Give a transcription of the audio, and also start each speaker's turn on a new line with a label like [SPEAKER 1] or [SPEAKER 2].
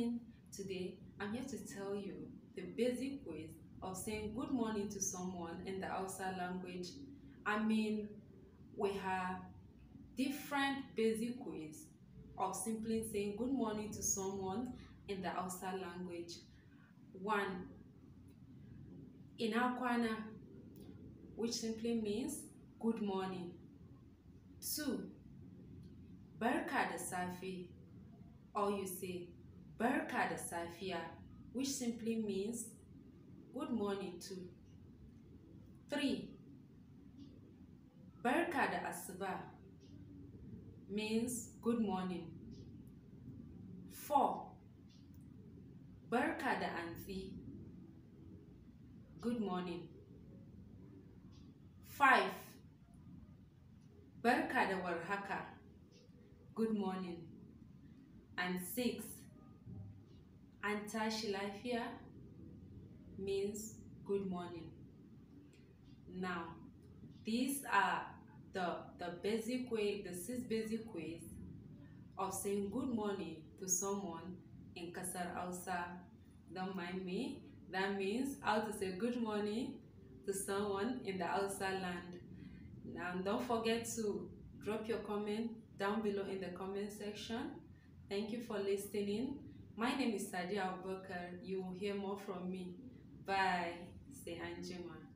[SPEAKER 1] morning. Today, I'm here to tell you the basic ways of saying good morning to someone in the outside language. I mean, we have different basic ways of simply saying good morning to someone in the outside language. One, in inakwana, which simply means good morning. Two, Berka da safi, or you say Barka da Safiya, which simply means good morning to. 3. Barka da Asuba means good morning. 4. Barka da Anzi, good morning. 5. Barka da Warhaka, good morning. And 6. Tashi Lafia means good morning. Now, these are the, the basic way, the six basic ways of saying good morning to someone in Kasar Alsa. Don't mind me. That means how to say good morning to someone in the Alsa land. Now, don't forget to drop your comment down below in the comment section. Thank you for listening. My name is Sadia Abubakar. You will hear more from me. Bye. Stay Anjima.